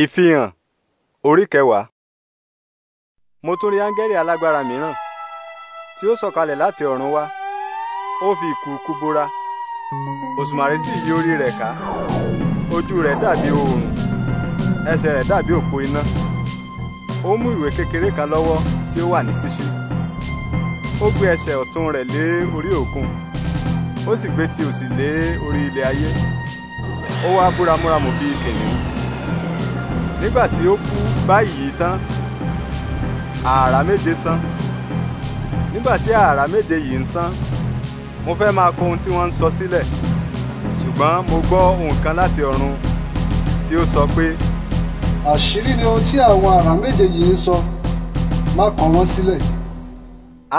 ìfihàn orí kẹwàá mo tún rí áńgẹ́lì alágbára mìíràn tí ó sọ̀kalẹ̀ láti ọ̀run wá ó fi ìkùukù bora òṣùmàrè sì yí orí rẹ̀ ká ojú rẹ̀ dàbí oòrùn ẹsẹ̀ rẹ̀ dàbí òpó iná ó mú ìwé kékeré kan lọ́wọ́ tí ó wà ní ṣíṣí ó gbé ẹsẹ̀ ọ̀tún rẹ̀ lé orí òkun ó sì gbé ti òsì lé orí ilẹ̀ ayé ó wá búra múramù bíi kìnìún nígbà tí ó kú báyìí tán ààrà méje san nígbà tí ààrà méje yìí ń san mo fẹ́ máa kọ ohun tí wọ́n ń sọ sílẹ̀ ṣùgbọ́n mo gbọ́ ohun láti ọ̀run tí ó sọ pé. àṣírí ni ohun tí àwọn ààrà méje yìí ń sọ má kọ wọ́n sílẹ̀.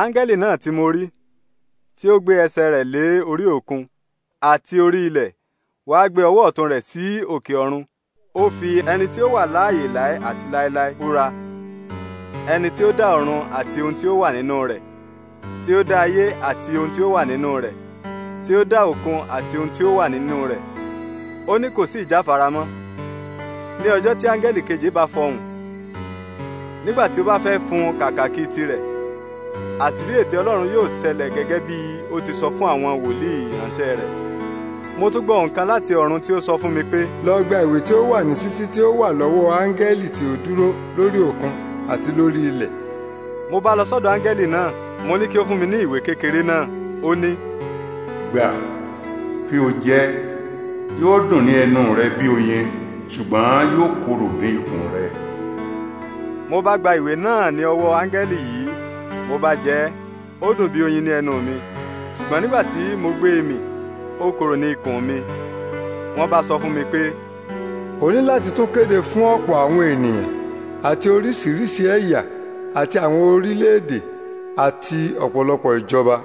áńgẹ́lì náà tí mo rí tí ó gbé ẹsẹ̀ rẹ̀ lé orí òkun àti orí ilẹ̀ wàá gbé ọwọ́ ọ̀tún rẹ̀ sí òkè ọ̀run ó fi ẹni tí ó wà láàyè láé àti láéláé búra ẹni tí ó dá ọ̀run àti ohun tí ó wà nínú rẹ̀ tí ó dá ayé àti ohun tí ó wà nínú rẹ̀ tí ó dá òkun àti ohun tí ó wà nínú rẹ̀ ó ní kò sí ìjáfara mọ́ ní ọjọ́ tí áńgẹ́lì kejì bá fọhùn nígbà tí ó bá fẹ́ fún kàkàkí tirẹ̀ àṣírí ètè ọlọ́run yóò ṣẹlẹ̀ gẹ́gẹ́ bí ó ti sọ fún àwọn wòlíì ìránṣẹ́ rẹ̀ mo tún gbọ́ nǹkan láti ọ̀run tí ó sọ fún mi pé. lọ gba ìwé tí ó wà ní sísí tí ó wà lọ́wọ́ áńgẹ́lì tí ó dúró lórí òkun àti lórí ilẹ̀. mo bá lọ sọ́dọ̀ áńgẹ́lì náà mo ní kí ó fún mi ní ìwé kékeré náà ó ní. gbà kí o jẹ yóò dùn ní ẹnu rẹ bí oyin ṣùgbọ́n yóò korò ní ikùn rẹ. mo bá gba ìwé náà ní ọwọ́ áńgẹ́lì yìí mo bá jẹ ó dùn bí oyin ní ẹnu mi ṣùgbọ́n nígbà tí mo gbé e mì kóró ní ikùn mi wọ́n bá sọ fún mi pé. o ní láti tún kéde fún ọ̀pọ̀ àwọn ènìyàn àti oríṣiríṣi ẹ̀yà àti àwọn orílẹ̀-èdè àti ọ̀pọ̀lọpọ̀ ìjọba